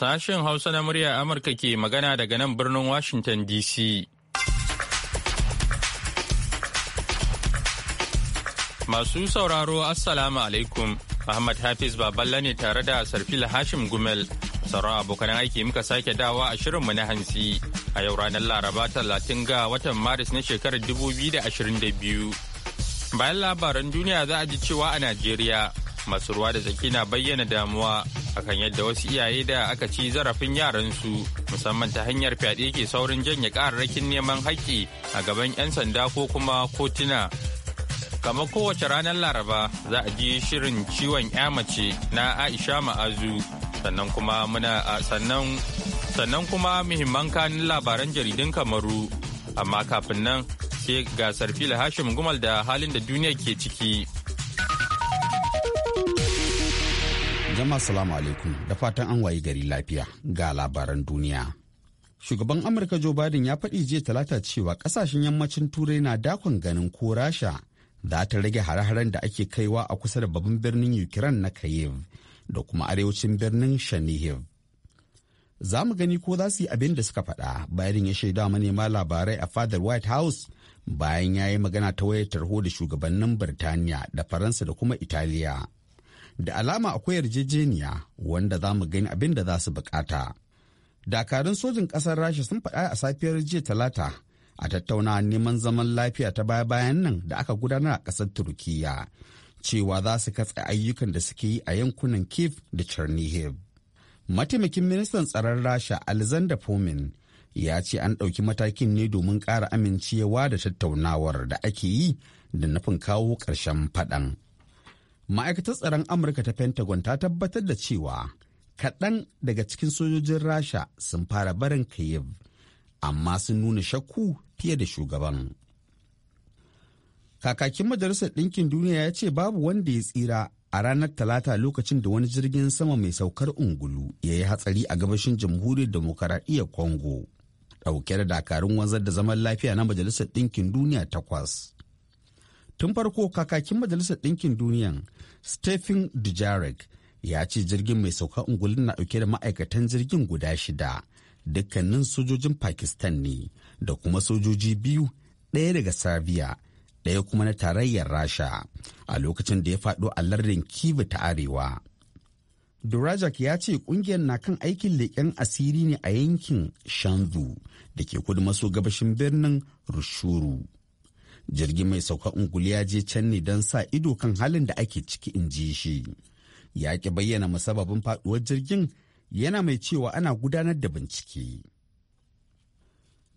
Sashen Hausa na murya Amurka ke magana daga nan birnin Washington DC. Masu sauraro Assalamu alaikum. Ahmad Hafiz Baballa ne tare da Sarfila Hashim Gumel. Sauran abokan aiki muka sake dawa a shirin mu na hansi A yau ranar Laraba talatin ga watan Maris na shekarar 2022. Bayan labaran duniya za a ji cewa a Najeriya masu ruwa da tsaki na bayyana damuwa akan yadda wasu iyaye da aka ci zarafin yaransu musamman ta hanyar fyaɗe ke saurin janye ƙararrakin neman haƙƙi a gaban 'yan sanda ko kuma kotuna kamar kowace ranar laraba za a ji shirin ciwon ya mace na aisha ma'azu sannan kuma muna sannan sannan kuma muhimman kanin labaran jaridun kamaru amma kafin nan sai gasar fila hashim gumal da halin da duniya ke ciki. Jama'a salamu alaikum da fatan an wayi gari lafiya ga labaran duniya. Shugaban Amurka Joe Biden ya faɗi jiya talata cewa ƙasashen yammacin Turai na dakon ganin ko Rasha za ta rage hare-haren da ake kaiwa a kusa da babban birnin Ukraine na Kyiv da kuma arewacin birnin shanihiv Za mu gani ko za su yi abin da suka faɗa Biden ya shaida manema labarai a fadar White House bayan ya yi magana ta wayar tarho da shugabannin Birtaniya da Faransa da kuma Italiya. da alama akwai yarjejeniya wanda za mu gani abin da za su bukata. Dakarun sojin ƙasar Rasha sun faɗa a safiyar jiya talata a tattauna neman zaman lafiya ta baya-bayan nan da aka gudanar a ƙasar Turkiyya cewa za su katse ayyukan da suke yi a yankunan Kiev da Chernihiv. Mataimakin ministan tsaron Rasha Alexander Fomin ya ce an ɗauki matakin ne domin ƙara amincewa da tattaunawar da ake yi da nufin kawo ƙarshen faɗan. ma'aikatar tsaron amurka ta pentagon ta tabbatar da cewa kaɗan daga cikin sojojin rasha sun fara barin kayyab amma sun nuna shakku fiye da shugaban kakakin majalisar ɗinkin duniya ya ce babu wanda ya tsira a ranar talata lokacin da wani jirgin sama mai saukar ungulu ya yi hatsari a gabashin jamhuriyar demokaradiyyar congo ɗauke da dakarun wanzar da zaman lafiya na majalisar ɗinkin duniya takwas tun farko kakakin majalisar ɗinkin Duniya stephen dujarric ya ce jirgin mai sauka ungulin na ɗauke da ma'aikatan jirgin guda shida dukkanin sojojin pakistan ne da kuma sojoji biyu ɗaya daga serbia ɗaya kuma na tarayyar rasha a lokacin da ya faɗo a lardin kiva ta arewa durajak ya ce ƙungiyar na kan aikin leƙen asiri ne a yankin shanzu da ke kudu maso gabashin birnin rushuru jirgin mai sauka unguli ya je can ne don sa ido kan halin da ake ciki in ji shi ya ki bayyana musababin faduwar jirgin yana mai cewa ana gudanar da bincike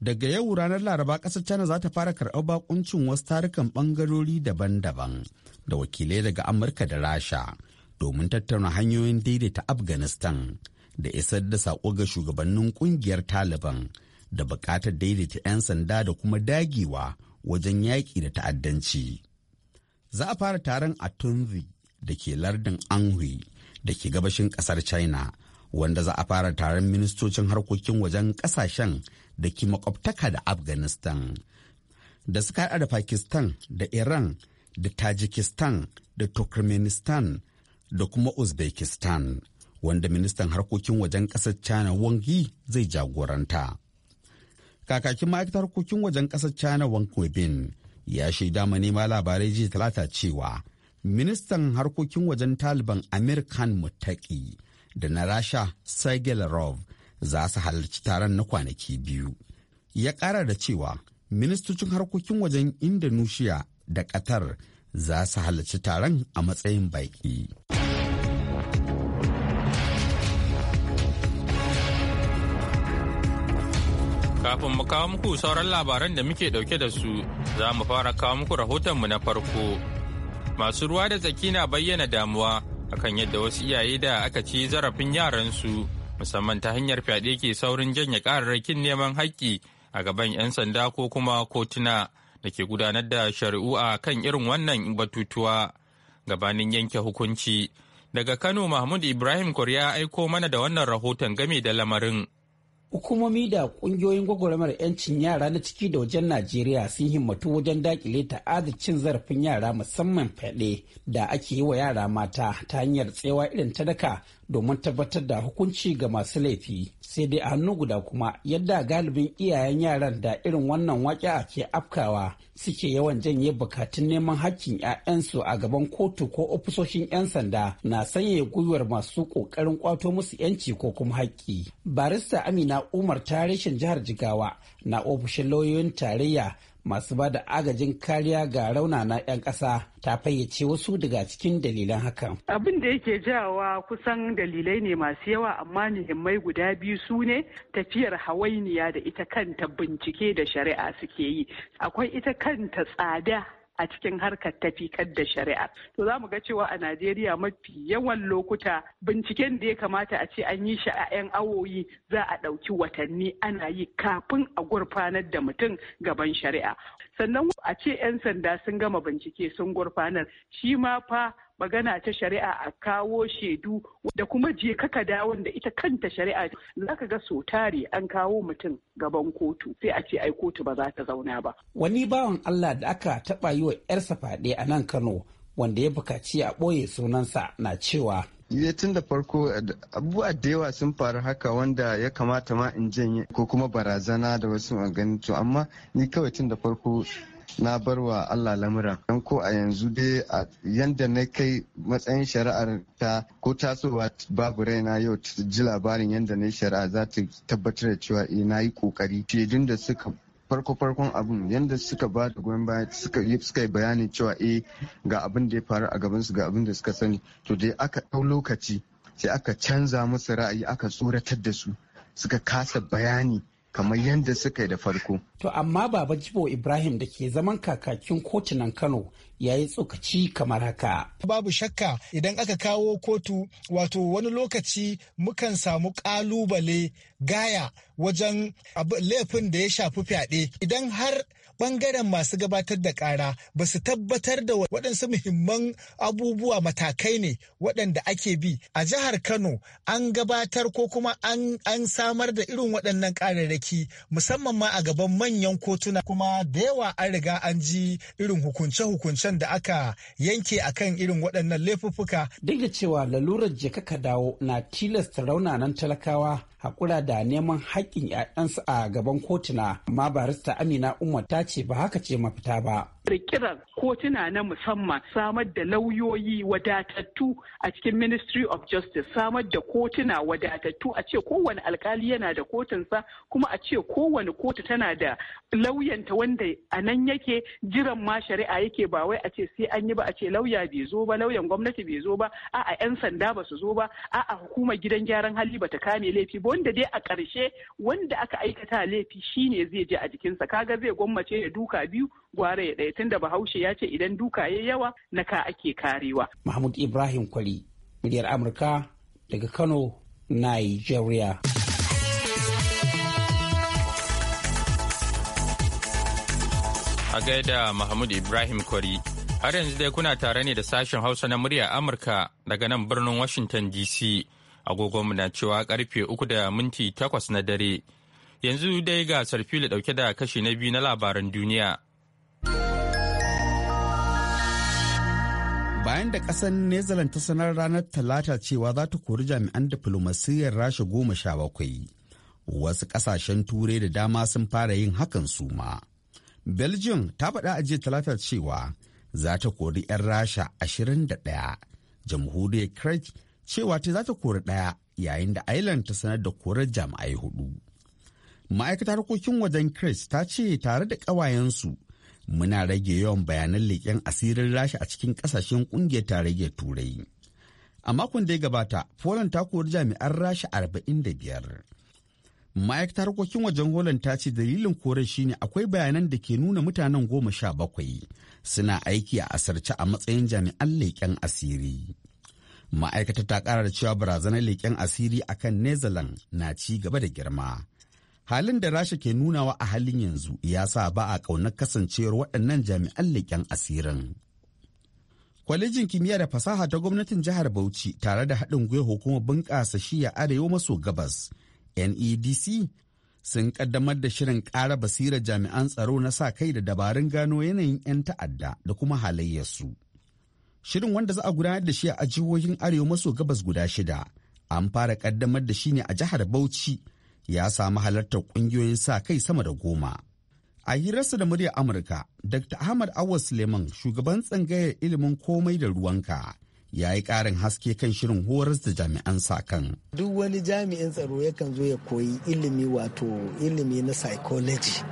daga yau ranar laraba kasar china za ta fara karɓar bakuncin wasu tarukan ɓangarori daban-daban da wakilai daga amurka da rasha domin tattauna hanyoyin daidaita afghanistan da isar da saƙo ga shugabannin ƙungiyar taliban da buƙatar daidaita 'yan sanda da kuma dagewa wajen yaƙi da ta'addanci. Za a fara taron a Tunzi da ke lardin Anhui da ke gabashin ƙasar China, wanda za a fara taron ministocin harkokin wajen ƙasashen da ke makwabtaka da Afghanistan. Da suka haɗa da Pakistan da Iran da Tajikistan da Turkmenistan da kuma Uzbekistan, wanda ministan harkokin wajen ƙasar China wangi zai jagoranta. kakakin ma'aikatar harkokin wajen ƙasar china wang webin ya shaida manema labarai jiya talata cewa ministan harkokin wajen taliban amir mutaki da na rasha sergei larov za su halarci taron na kwanaki biyu ya ƙara da cewa ministocin harkokin wajen indonesia da qatar za su halarci taron a matsayin baƙi. Kafin mu kawo muku sauran labaran da muke dauke da su, za mu fara kawo muku rahoton mu na farko. Masu ruwa da tsaki na bayyana damuwa akan yadda wasu iyaye da aka ci zarafin yaransu, musamman ta hanyar fyaɗe ke saurin janye ƙararrakin neman haƙƙi a gaban 'yan sanda ko kuma kotuna da ke gudanar da shari'u a kan irin wannan batutuwa gabanin yanke hukunci. Daga Kano Mahmud Ibrahim ya aiko mana da wannan rahoton game da lamarin. hukumomi da kungiyoyin gwagwarmar 'yancin yara na ciki da wajen najeriya sun himmatu wajen dakile ta cin zarafin yara musamman fyaɗe da ake yi wa yara mata ta hanyar tsewa irin ta daka domin tabbatar da hukunci ga masu laifi sai dai a hannu guda kuma yadda galibin iyayen yaran da irin wannan waƙa ke afkawa suke yawan janye bukatun neman hakkin 'ya'yansu a gaban kotu ko ofisoshin 'yan sanda na sanya gwiwar masu ƙoƙarin kwato musu 'yanci ko kuma haƙƙi barista amina umar ta jihar jigawa na ofishin lauyoyin tarayya masu ba da agajin kariya ga rauna na 'yan ƙasa ta fayyace wasu daga cikin dalilan hakan. Abin da yake jawa kusan dalilai ne masu yawa amma muhimmai guda biyu su ne tafiyar hawainiya da ita kanta bincike da shari'a suke yi. Akwai ita kanta tsada a cikin harkar tafikar da shari'a. To za mu ga cewa a Najeriya mafi yawan lokuta binciken da ya kamata a ce an yi shi a 'yan awoyi za a ɗauki watanni ana yi kafin a gurfanar da mutum gaban shari'a. Sannan a ce 'yan sanda sun gama bincike sun gurfanar shi ma fa magana ta shari'a a kawo shaidu da kuma je kaka da ita kanta shari'a za ka ga so tare an kawo mutum gaban kotu sai a ce ai kotu ba za ta zauna ba. Wani bawan Allah da aka taɓa yi wa 'yarsa fyaɗe a nan Kano wanda ya bukaci a ɓoye sunansa na cewa ya tun da farko abubuwa da yawa sun faru haka wanda ya kamata ma in janye ko kuma barazana da wasu to amma ni kawai tun da farko na bar wa Allah lamura. dan ko a yanzu dai a yanda na kai matsayin shari'ar ta ko tasowa babu raina yau ji labarin yanda na shari'a za ta tabbatar da cewa e na yi kokari shaidun da suka farko-farkon abun yadda suka ba da goyon baya suka yi suka yi bayanin cewa e ga abin da ya faru a gabansu ga abin da suka sani to dai aka ɗau lokaci sai aka canza musu ra'ayi aka tsoratar da su suka kasa bayani kamar yadda suka yi da farko. To amma Baba Jibo Ibrahim da ke zaman kakakin kotunan Kano ya yi tsokaci kamar haka. Babu shakka idan aka kawo kotu wato wani lokaci mukan samu ƙalubale gaya wajen laifin da ya shafi fyaɗe. Idan har bangaren masu gabatar da kara ba su tabbatar da waɗansu muhimman abubuwa matakai ne waɗanda ake bi a jihar kano an gabatar ko kuma an samar da irin waɗannan ƙararraki musamman ma a gaban manyan kotuna kuma da yawa an riga an ji irin hukunce-hukuncen da aka yanke akan irin waɗannan laifuffuka duk da cewa lalurar jeka ka dawo na tilasta raunanan talakawa haƙura da neman haƙƙin 'ya'yansu a gaban kotuna amma barista amina umar ta ce ba haka ce mafita ba kirkirar kotuna na musamman samar da lauyoyi wadatattu a cikin ministry of justice samar da kotuna wadatattu a ce kowane alkali yana da kotunsa kuma a ce kowane kotu tana da lauyanta wanda a nan yake jiran ma shari'a yake ba wai a ce sai an yi ba a ce lauya bai zo ba lauyan gwamnati bai zo ba a'a yan sanda ba su zo ba a'a hukumar gidan gyaran hali ba ta kame laifi ba wanda dai a ƙarshe wanda aka aikata laifi shine zai je a jikinsa kaga zai gwammace ya duka biyu gwara ya ɗaya tun da bahaushe ya ce idan duka ya yawa na ka ake karewa. Mahmud Ibrahim Kwali, muryar Amurka daga Kano, Nigeria. A gaida Mahmud Ibrahim Kwari, har yanzu dai kuna tare ne da sashen Hausa na muryar Amurka daga nan birnin Washington DC. Agogonmu na cewa karfe uku da minti takwas na dare. Yanzu dai ga sarfili dauke da kashi na biyu na labaran duniya. bayan da ƙasar Nezalan ta sanar ranar talata cewa za ta kori jami'an diflomasiyyar rasha goma sha bakwai wasu ƙasashen turai da dama sun fara yin hakan su ma belgium ta faɗa a jiya talata cewa za ta kori 'yan rasha ashirin da 21 jamhuriyar craig cewa ta za ta kori ɗaya yayin da ireland ta sanar da korar jami'ai hudu ma'aikatar harkokin wajen craig ta ce tare da ƙawayensu muna rage yawan bayanan leƙen asirin rasha a cikin ƙasashen ƙungiyar tarayyar turai a makon da ya gabata poland ta kori jami'an rasha arba'in da biyar. ma'aikatar harkokin wajen holland ta ce dalilin koren shine akwai bayanan da ke nuna mutanen goma sha bakwai suna aiki a asarce a matsayin jami'an leƙen asiri ma'aikata ta ƙara da cewa barazanar leƙen asiri akan kan netherlands na ci gaba da girma halin da rasha ke nunawa a halin yanzu ya sa ba a ƙaunar kasancewar waɗannan jami'an leƙen asirin kwalejin kimiyya da fasaha ta gwamnatin jihar bauchi tare da haɗin gwiwa hukumar bunƙasa shiya arewa maso gabas nedc sun ƙaddamar da shirin ƙara basirar jami'an tsaro na sa kai da dabarun gano yanayin 'yan ta'adda da kuma halayyarsu shirin wanda za a gudanar da shi a jihohin arewa maso gabas guda shida an fara ƙaddamar da shi ne a jihar bauchi ya samu halartar ƙungiyoyin sa kai sama da goma. A hirarsa da muryar Amurka, Dr. Ahmad Awad Suleiman, shugaban tsangayar ilimin komai da ruwanka, ya yi ƙarin haske kan shirin horas da jami'an sa kan. Duk wani jami'in tsaro yakan zo ya koyi ilimi wato ilimi na psychology,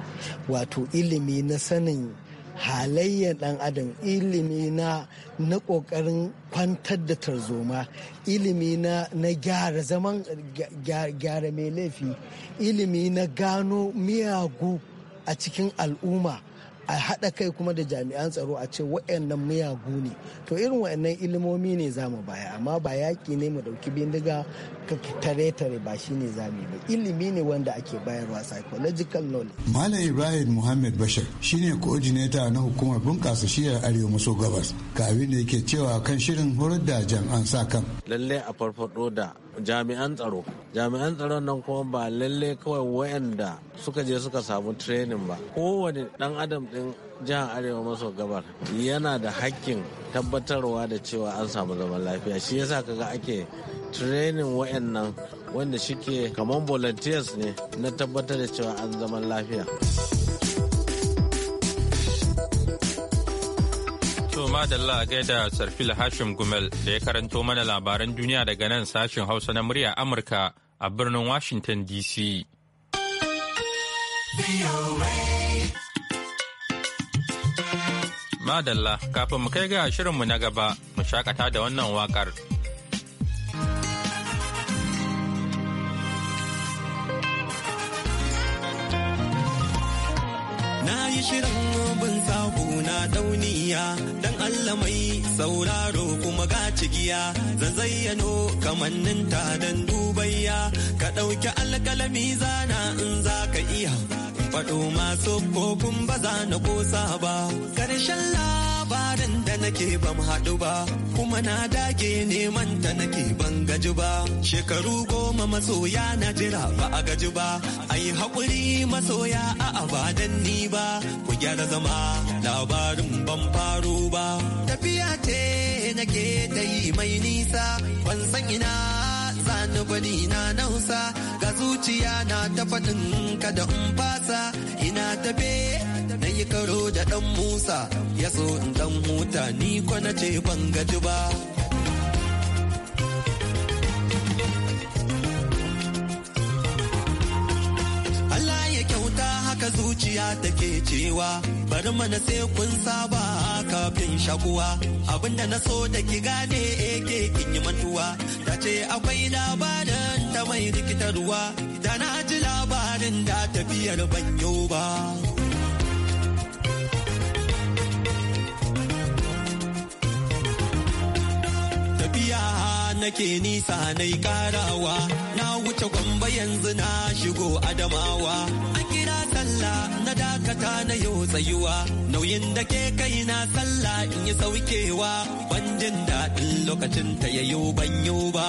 wato ilimi na sanin halayyar dan adam ilimi na na kokarin kwantar da tarzoma ilimi na na gyara zaman gyara mai laifi ilimi na gano miyagu a cikin al'umma a haɗa kai kuma da jami'an tsaro a ce waɗannan miyagu ne to irin waɗannan ilimomi ne za mu baya amma ba yaƙi ne mu ɗauki bindiga ka tare tare ba shi ne za mu ba ilimi ne wanda ake bayarwa psychological knowledge. malam ibrahim muhammad bashir shine coordinator na hukumar bunƙasa shiyar arewa maso gabas ga abin da yake cewa kan shirin horar da jami'an sa kan. lallai a farfaɗo da jami'an tsaro jami'an tsaron nan kuma ba lallai kawai waɗanda suka je suka samu training ba kowane ɗan adam din jihar arewa maso gabar yana da hakkin tabbatarwa da cewa an samu zaman lafiya shi yasa kaga ake training wayannan wanda shike kamar volunteers ne na tabbatar da cewa an zaman lafiya to madalla a gaida sarfil hashim gumel da ya karanto mana labaran duniya daga nan sashin hausa na murya amurka a birnin washington dc Madalla kafin mu kai ga shirinmu na gaba mu shakata da wannan wakar. Na yi shirin bin sako na dauniya dan Allah mai sauraro kuma ga cigiya zan zayyano kamannin ta dan dubayya ka ɗauki alkalami zana in za ka iya faɗo masu kogun ba za na kosa ba ƙarshen labarin da nake ban haɗu ba kuma na dage neman ta nake ban gaji ba shekaru goma masoya na jira ba a gaji ba yi haƙuri masoya a abadan ni ba ku gyara zama labarin ban faru ba tafiya ce nake ta yi mai nisa ban san ina sa ni bari na nausa ga zuciya na ta faɗin kada in fasa ina tafe na yi karo da ɗan musa ya so in dan huta ni ko na ce ban gaji ba. haka zuciya take cewa bari mana sai kun saba kafin shakuwa abinda na so da ki gane ake eh, kin yi mantuwa ce akwai labarin ta mai rikitarwa da na ji labarin da tafiyar banyo ba. Tafiya nake nisa na karawa na wuce gwamba yanzu na shigo adamawa. Allah na dakata na yau tsayuwa nauyin da ke kai na sallah in yi saukewa ban jin daɗin lokacin ta yayo ban yau ba.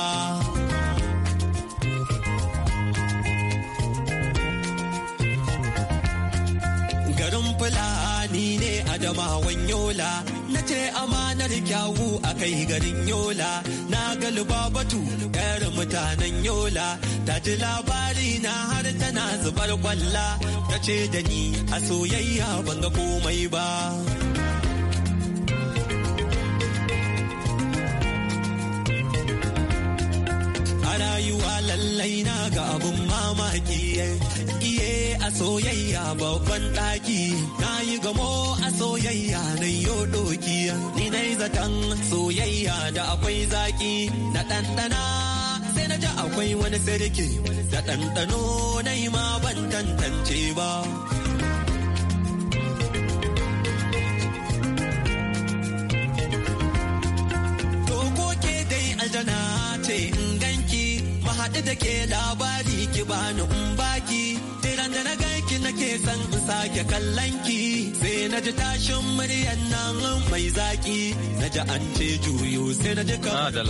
garin fulani ne adamawan yola na ce amanar kyawu a kai garin yola na galiba batu yar mutanen yola ta ji labari na har tana zubar kwalla ta ce da ni a soyayya ban ga komai ba A rayuwa lallai na ga abun mamaki a soyayya babban ɗaki na yi gamo a soyayya na yo doki ni na zaton soyayya da akwai zaki na ɗanɗana sai na ji akwai wani sarki da ɗanɗano na yi ma ban tantance ba ce in ganki mahaɗu da ke labari ki bani in baki Daren da na ganki nake son in sake kallon ki sai na ji tashin muryan nan mai zaki na ji an ce juyo sai na ji kamar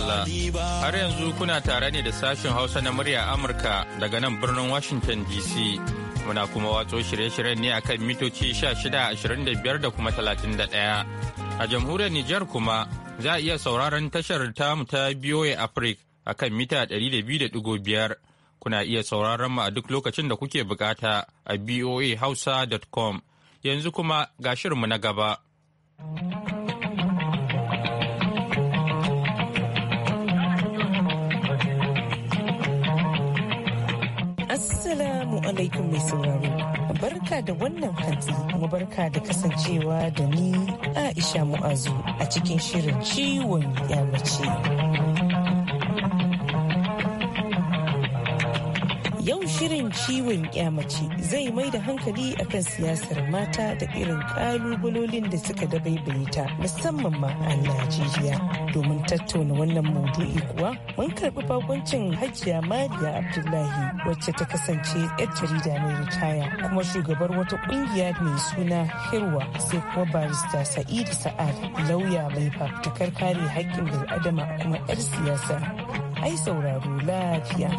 ba. Har yanzu kuna tare ne da sashen Hausa na murya Amurka daga nan birnin Washington DC. Muna kuma wato shirye-shiryen ne akan mitoci 16-25 da kuma 31. A jamhuriyar Nijar kuma za a iya sauraron tashar tamu ta BOA Africa akan mita 200.5. Kuna iya sauraron mu a duk lokacin da kuke bukata a boahausa.com. Yanzu kuma ga shirinmu na gaba. Assalamu alaikum mai sauraro. Barka da wannan hantsi kuma barka da kasancewa da ni Aisha Mu'azu a cikin shirin ciwon mace. Yau shirin ciwon mace zai mai da hankali akan siyasar mata da irin kalubalolin da suka dabaibaye ta musamman ma a Najeriya. Domin tattauna wannan maudu'i kuwa mun karɓi bakoncin Hajiya Mariya Abdullahi wacce ta kasance 'yar jarida mai ritaya kuma shugabar wata ƙungiya mai suna Hirwa sai kuma barista Sa'idu Sa'ad lauya mai fafutukar kare haƙƙin bil'adama kuma 'yar siyasa. Ai sauraro lafiya.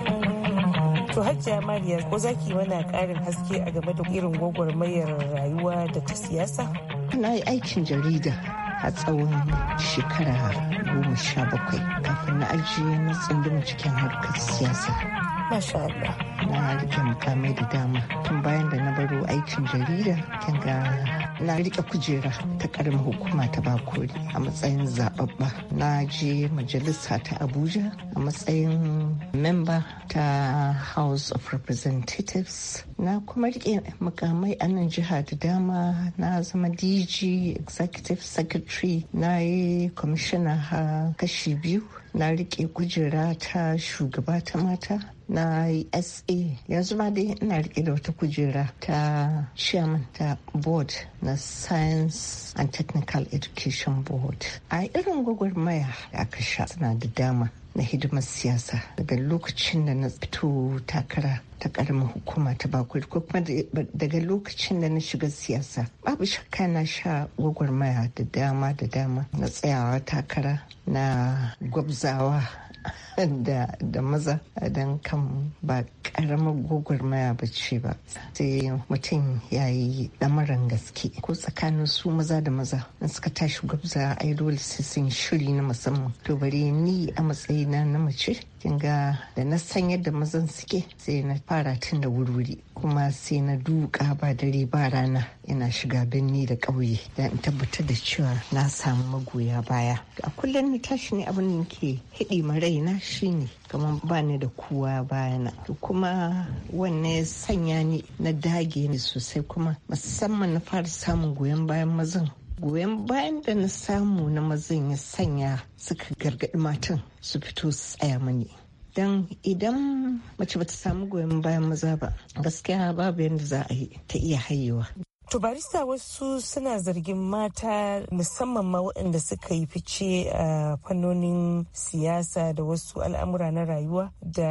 To Hajjiya Mariya ko za ki mana ƙarin haske a game da irin gwagwarmayar rayuwa da ta siyasa? Na yi aikin jarida a tsawon shekara goma sha bakwai kafin na ajiye na tsundum cikin harkar siyasa. Na rike mukamai da dama tun bayan da na baro aikin jarida kan ga na rike kujera ta karin hukuma ta bakori a matsayin zababba na je majalisa ta abuja a matsayin memba ta house of representatives na kuma rike mukamai a nan jiha da dama na zama dg executive secretary na yi kwamishina ha kashi biyu na rike kujera ta shugaba ta mata na sa yanzu ma dai ina rike da wata kujera ta chairman ta board na science and technical education board a irin gwagwarmaya da aka sha suna da dama na hidimar siyasa daga lokacin da na fito takara ta karamin hukuma ta bakwai ko kuma daga lokacin da na shiga siyasa babu shakka na sha gwagwarmaya da dama da dama na tsayawa takara na gwabzawa da maza don kan ba karamar gwagwarmaya ba ce ba sai mutum ya yi lamarin gaske ko tsakanin su maza da maza in suka tashi gwabza ai dole sai sun shiri na musamman to bari ni a matsayina na mace kin ga da na san yadda mazan suke sai na fara tun da wuri kuma sai na duka ba dare ba rana ina shiga birni da ƙauye da in tabbatar da cewa na samu magoya baya a kullum ni tashi ne abin da ke hidi ma raina shine kuma ba ni da kowa bayana kuma wannan ya sanya ni na dage ni sosai kuma musamman na fara samun goyon bayan mazan goyon bayan da na samu na mazan ya sanya suka gargaɗi matan su fito su tsaya mani don idan mace bata samu goyon bayan maza ba gaskiya babu yadda za a yi ta iya hayewa To barista wasu suna zargin mata musamman ma waɗanda suka yi fice a fannonin siyasa da wasu al'amura na rayuwa da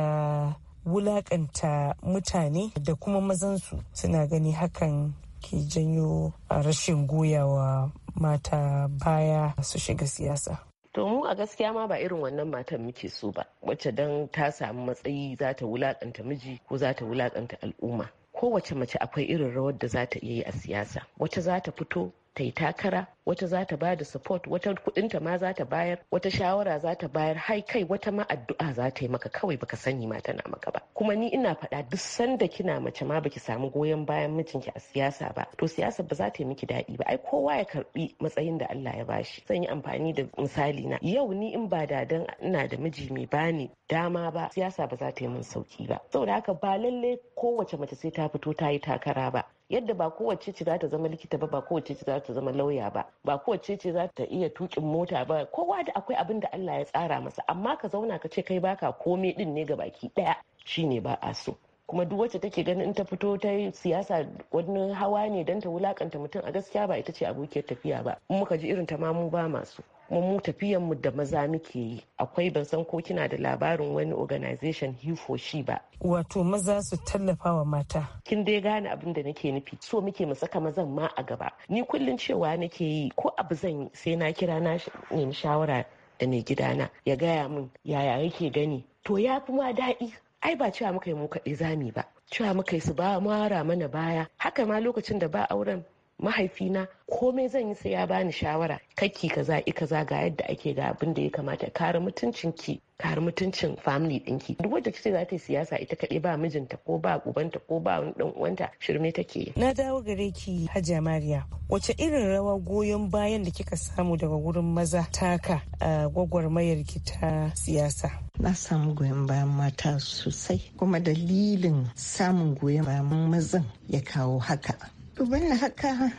wulaƙanta mutane da kuma mazansu suna gani hakan ke janyo a rashin goyawa mata baya su shiga siyasa to mu a gaskiya ma ba irin wannan matan muke so ba wacce dan ta samu matsayi za ta wulakanta miji ko za ta wulakanta al'umma kowace mace akwai irin rawar da za ta iya yi a siyasa wacce za ta fito ta yi takara wata za ta da support wata kudinta ma za ta bayar wata shawara za ta bayar hai kai wata ma addu'a za ta yi maka kawai baka sani ma tana maka ba kuma ni ina faɗa duk sanda kina mace ma baki samu goyon bayan mijinki a siyasa ba to siyasa ba za ta yi miki daɗi ba ai kowa ya karbi matsayin da Allah ya bashi zan yi amfani da misali na yau ni in ba da ina da miji mai bani dama ba siyasa ba za ta yi min sauki ba saboda haka ba lalle kowace mace sai ta fito ta yi takara ba yadda ba kowace ce za ta zama likita ba ba kowace ce za ta zama lauya ba ba kowace ce za ta iya tukin mota ba kowa da akwai abin da Allah ya tsara masa amma ka zauna ka ce kai baka komai din ne ga baki daya shine ba a so kuma duk wacce take ganin in ta fito ta siyasa wani hawa ne don ta wulakanta mutum a gaskiya ba ita ce abokiyar tafiya ba in muka ji irin ta ma mu ba masu Mun mu tafiyan mu da maza muke yi akwai ban san ko kina da labarin wani organization he for she ba wato maza su tallafa wa mata kin dai gane abin da nake nufi so muke mu saka mazan ma a gaba ni kullun cewa nake yi ko abu zan yi. sai na kira na nemi shawara da mai gidana ya gaya min yaya yake gani to ya fi ma daɗi ai ba cewa muka yi mu izami zami ba cewa muka yi su ba mara mana baya haka ma lokacin da ba auren mahaifina komai zan yi sai ya bani shawara kaki kaza i kaza ga yadda ake ga abin da ya kamata kare mutuncin ki kare mutuncin family ɗinki duk wanda kace za ta yi siyasa ita kaɗai ba mijinta ko ba ubanta ko ba wani ɗan'uwanta uwanta shirme take na dawo gare ki hajja mariya wace irin rawa goyon bayan da kika samu daga wurin maza taka a gwagwarmayar ki ta siyasa na samu goyon bayan mata sosai kuma dalilin samun goyon bayan mazan ya kawo haka Dubin na haka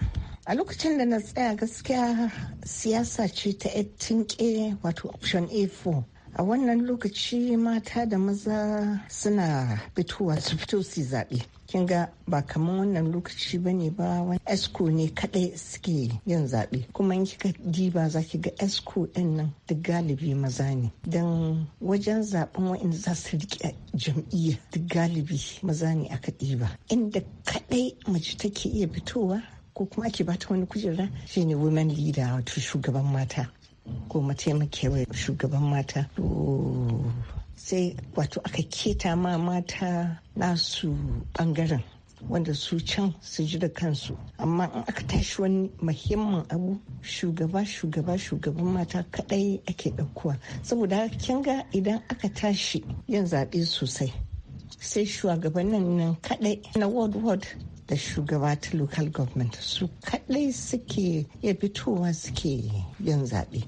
a lokacin da na tsaya gaskiya siyasa ce ta tinke wato option A4 a wannan lokaci mata da maza suna fitowa su fito su zaɓe kin ga ba kamar wannan lokaci ba ne ba wani esco ne kaɗai suke yin zaɓe kuma in kika diba za ki ga esko ɗin nan duk galibi maza ne don wajen zaɓen wa'in za su riƙe jam'iyya duk galibi maza ne aka ɗiba inda kaɗai mace take iya fitowa ko kuma ake bata wani kujera shine women leader wato shugaban mata ko mataimakewa shugaban mata sai wato aka keta ma mata nasu bangaren wanda su can su ji da kansu amma in aka tashi wani muhimmin abu shugaba shugaba shugaban mata kadai ake ɗaukuwa saboda kin ga idan aka tashi yin zaɓe sosai sai shugabannin nan kadai na world world da shugaba ta local government su kaɗai suke ya fitowa suke yin zaɓe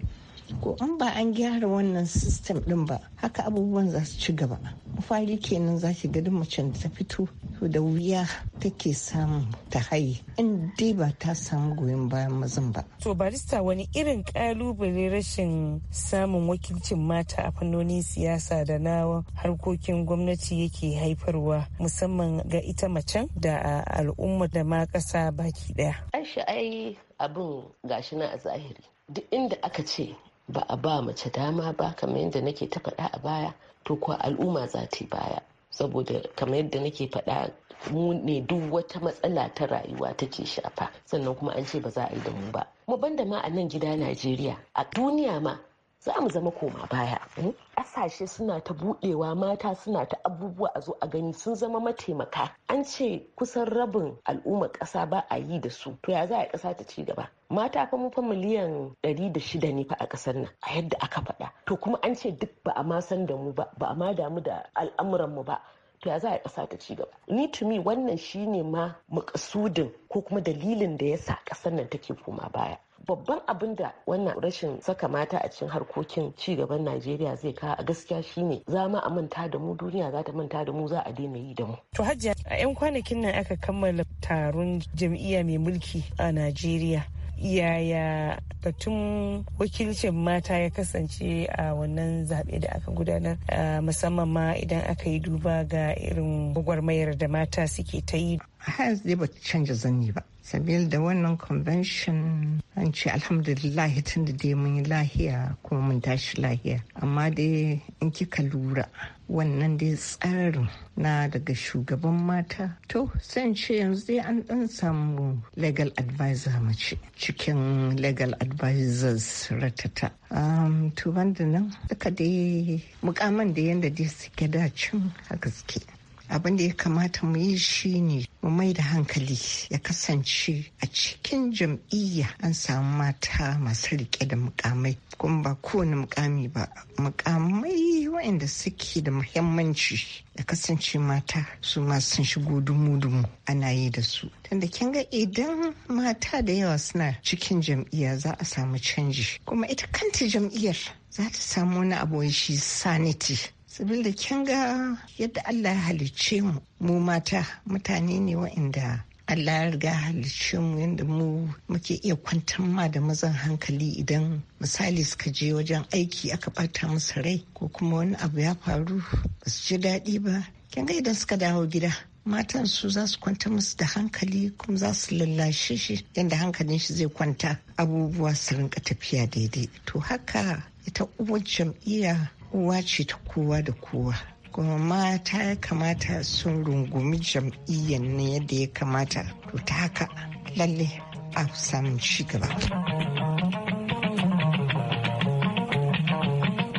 ko an ba an gyara wannan system ɗin ba haka abubuwan za su ci gaba fari kenan za ki ga mace da ta fito to da wuya take samu ta haye in dai ba ta samu goyon bayan mazan ba. To barista wani irin kalubale rashin samun wakilcin mata a fannonin siyasa da na harkokin gwamnati yake haifarwa musamman ga ita macen da al'umma da ma ƙasa baki ɗaya. Aisha ai abin gashi na a zahiri. Duk inda aka ce ba a ba mace dama ba kamar yadda nake ta faɗa a baya to kuwa al'umma za ta baya saboda kamar yadda nake faɗa mu ne duk wata matsala ta rayuwa take shafa sannan kuma an ce ba za a yi da mu ba mu banda ma a nan gida najeriya a duniya ma za mu zama koma baya hmm? ƙasashe suna ta buɗewa mata suna ta abubuwa a zo a gani sun zama mataimaka an ce kusan rabin al'ummar ƙasa ba a yi da su to ya za a ƙasa ta ci gaba mata fa mu fa miliyan shida ne fa a ƙasar nan a yadda aka faɗa to kuma an ce duk ba a ma san da mu ba ba a ma damu da al'amuran mu ba to ya za a ƙasa ta ci gaba ni to me wannan shine ma makasudin ko kuma dalilin da yasa ƙasar nan take koma baya babban abin da wannan rashin saka mata a cikin harkokin ci gaban najeriya zai kawo a gaskiya shine za mu a manta da mu duniya za ta manta da mu za a daina yi da mu to hajiya a yan kwanakin nan aka kammala taron jam'iyya mai mulki a najeriya yaya batun wakilcin mata ya kasance a wannan zaɓe da aka gudanar musamman ma idan aka yi duba ga irin gwagwarmayar da mata suke ta yi har yanzu dai ba canja zanni ba sabil da wannan convention an ce alhamdulillah tun da dai mun yi lahiya kuma mun tashi lahiya amma dai in kika lura wannan dai tsarin na daga shugaban mata to sai ce yanzu dai an dan samu legal advisor mace cikin legal advisors ratata um, to banda nan Saka dai mukaman da yadda dai suke dacin a gaske abin da ya kamata mu yi ne mu mai da hankali ya kasance a cikin jam'iyya an samu mata masu rike da mukamai kuma ba kowane mukami ba mukamai waɗanda suke da muhimmanci ya kasance mata su masu sun shigo dumu-dumu ana yi da su Tanda kin ga idan mata da yawa suna cikin jam'iyya za a samu canji kuma ita kanta jam'iyyar za ta samu wani abu shi sanity da kin ga yadda Allah ya halicce mu mu mata mutane ne wa'inda Allah ya riga halicce mu yadda mu muke iya kwantar ma da mazan hankali idan misali suka je wajen aiki aka bata musu rai ko kuma wani abu ya faru ba su ji daɗi ba kin ga idan suka dawo gida matan su za su kwanta musu da hankali kuma za su lallashe shi yadda hankalin shi zai kwanta abubuwa su rinka tafiya daidai to haka ita uwar jam'iyya uwa ce ta kowa da kowa kuma mata ya kamata sun rungumi jam'iyyar ne yadda ya kamata to ta haka lalle a samun gaba.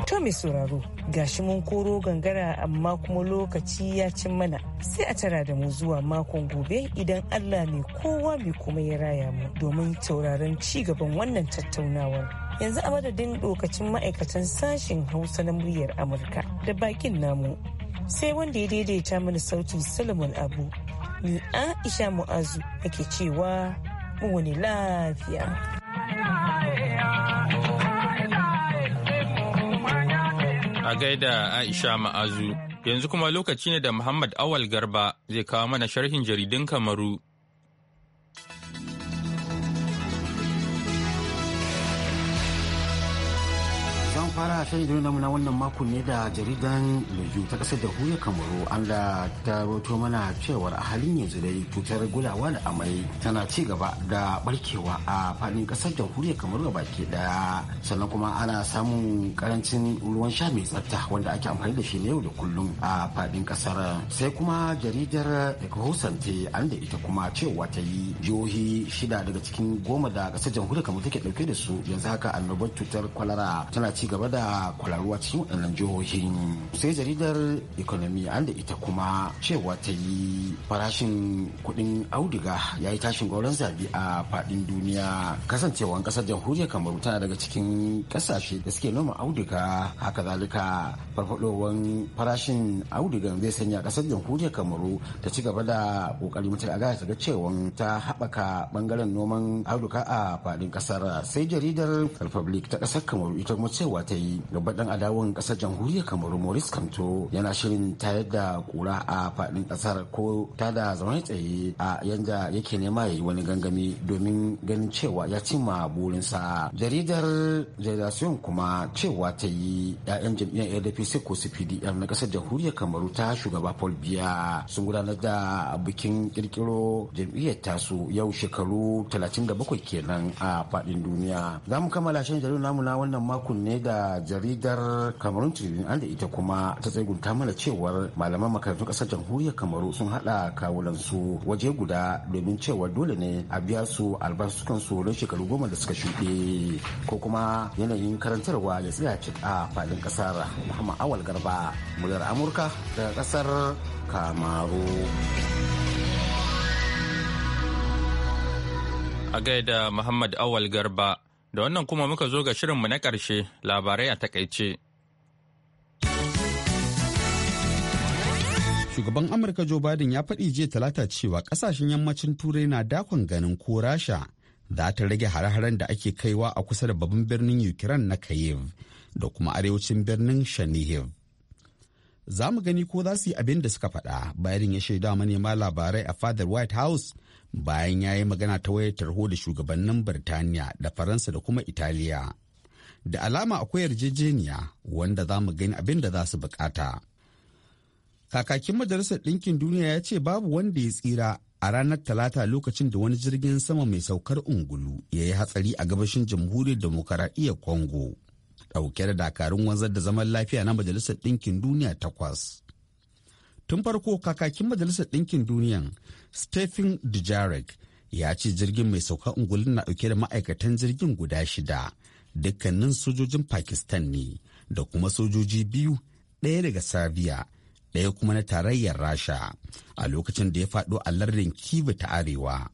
to mai sauraro gashi mun koro gangara amma kuma lokaci ya cin mana sai a tara da mu zuwa makon gobe idan allah ne kowa mai kuma ya raya mu domin tauraron ci gaban wannan tattaunawar. yanzu a madadin lokacin ma'aikatan sashen hausa na muryar amurka da bakin namu sai wanda ya daidaita mana sauti solomon abu ni aisha mu'azu ake cewa wani lafiya a gaida aisha ma'azu yanzu kuma lokaci ne da muhammad awal garba zai kawo mana sharhin jaridun kamaru fara shan jirgin namu na wannan makon ne da jaridan Leju ta kasar da huya kamaru an da ta roto mana cewar a halin yanzu dai cutar gulawa da amai tana ci gaba da barkewa a faɗin kasar da huya kamaru ga baki daya sannan kuma ana samun karancin ruwan sha mai tsafta wanda ake amfani da shi na yau da kullum a faɗin kasar sai kuma jaridar ekahusante an da ita kuma cewa ta yi jihohi shida daga cikin goma da kasar jamhuriyar kamaru take dauke da su yanzu haka annobar cutar kwalara tana ci gaba lura da kwararruwa cikin waɗannan jihohin sai jaridar economy an da ita kuma cewa ta yi farashin kuɗin auduga ya yi tashin gauran zabi a faɗin duniya kasancewan ƙasar jamhuriyar kamaru tana daga cikin ƙasashe da suke noma auduga haka zalika farfadowar farashin audugan zai sanya ƙasar jamhuriyar kamaru ta ci gaba da ƙoƙari mutum a gaya ga cewa ta haɓaka ɓangaren noman auduga a faɗin ƙasar sai jaridar republic ta ƙasar kamaru ita kuma cewa ta yi dan adawan kasar jamhuriyar kamaru maurice kamto yana shirin tayar da kura a faɗin ƙasar ko ta da zaune tsaye a yanda yake nema ya yi wani gangami domin ganin cewa ya cimma burinsa jaridar jaridasiyon kuma cewa ta yi 'ya'yan jam'iyyar sai ko cpdm na kasar jamhuriyar kamaru ta shugaba paul biya sun gudanar da bikin kirkiro jam'iyyar tasu yau shekaru talatin da bakwai kenan a faɗin duniya za mu kammala shan jaridar namu na wannan makon ne da jaridar Cameroon Tribune an da ita kuma ta tsegunta mana cewar malaman makarantun kasar jamhuriyar Kamaru sun hada kawulansu waje guda domin cewa dole ne a biya su albasukan su don shekaru goma da suka shuɗe ko kuma yanayin karantarwa ya tsaya ci a fadin kasar Muhammad Awal Garba muryar Amurka daga kasar Kamaru. a gaida Muhammad Awal Garba. Da wannan kuma muka zo ga shirinmu na ƙarshe labarai a takaice. Shugaban Amurka Joe Biden ya faɗi jiya talata cewa ƙasashen yammacin Turai na dakon ganin ko Rasha za ta rage hare-haren da ake kaiwa a kusa da babban birnin Ukraine na Kyiv da kuma arewacin birnin Chernihiv. Za mu gani ko za su yi abin da suka faɗa, Biden ya shaida manema labarai a fadar White House bayan ya yi magana ta wayar tarho da shugabannin Birtaniya da Faransa da kuma Italiya. Da alama akwai yarjejeniya wanda za mu gani abin da za su bukata. Kakakin Majalisar Ɗinkin Duniya ya ce babu wanda ya tsira a ranar Talata lokacin da wani jirgin sama mai saukar ungulu ya yi hatsari a gabashin Jamhuriyar Demokaradiyyar Congo. Ɗauke da dakarun wanzar da zaman lafiya na Majalisar Ɗinkin Duniya takwas. tun farko kakakin majalisar ɗinkin duniyan stephen dujarric ya ce jirgin mai sauka ungulin na ɗauke da ma'aikatan jirgin guda shida dukkanin sojojin pakistan ne da kuma sojoji biyu ɗaya daga serbia ɗaya kuma na tarayyar rasha a lokacin da ya faɗo a lardin kivu ta arewa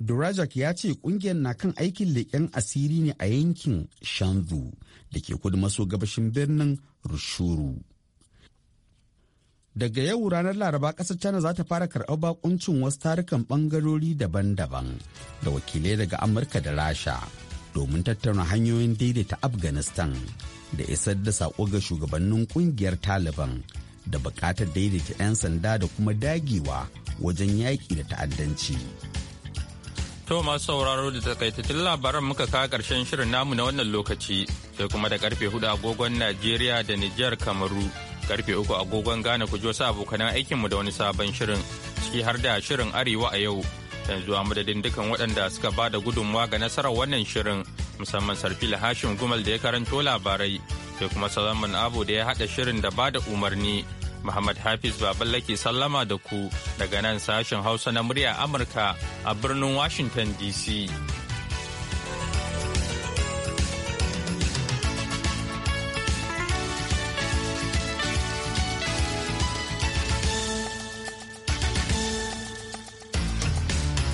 durajak ya ce ƙungiyar na kan aikin leƙen asiri ne a yankin shanzu da ke kudu maso gabashin birnin rushuru daga yau ranar laraba kasar china za ta fara karɓar bakuncin wasu tarukan bangarori daban-daban da wakilai daga amurka da rasha domin tattauna hanyoyin daidaita afghanistan da isar da saƙo ga shugabannin ƙungiyar taliban da bukatar daidaita 'yan sanda da kuma dagewa wajen yaƙi da ta'addanci To masu sauraro da takaitattun labaran muka kawo ƙarshen shirin namu na wannan lokaci sai kuma da karfe hudu agogon Najeriya da Nijar Kamaru Karfe uku agogon Ghana ku wasu abokanan mu da wani sabon shirin ciki har da shirin Arewa a yau. Yanzu a madadin dukan waɗanda suka ba da gudunmawa ga nasarar wannan shirin musamman sarfi Hashim Gumal da ya karanto labarai sai kuma Salaman Abu da ya haɗa shirin da ba da umarni. Muhammad Hafiz baban laki sallama da ku daga nan sashen Hausa na murya Amurka a birnin Washington DC.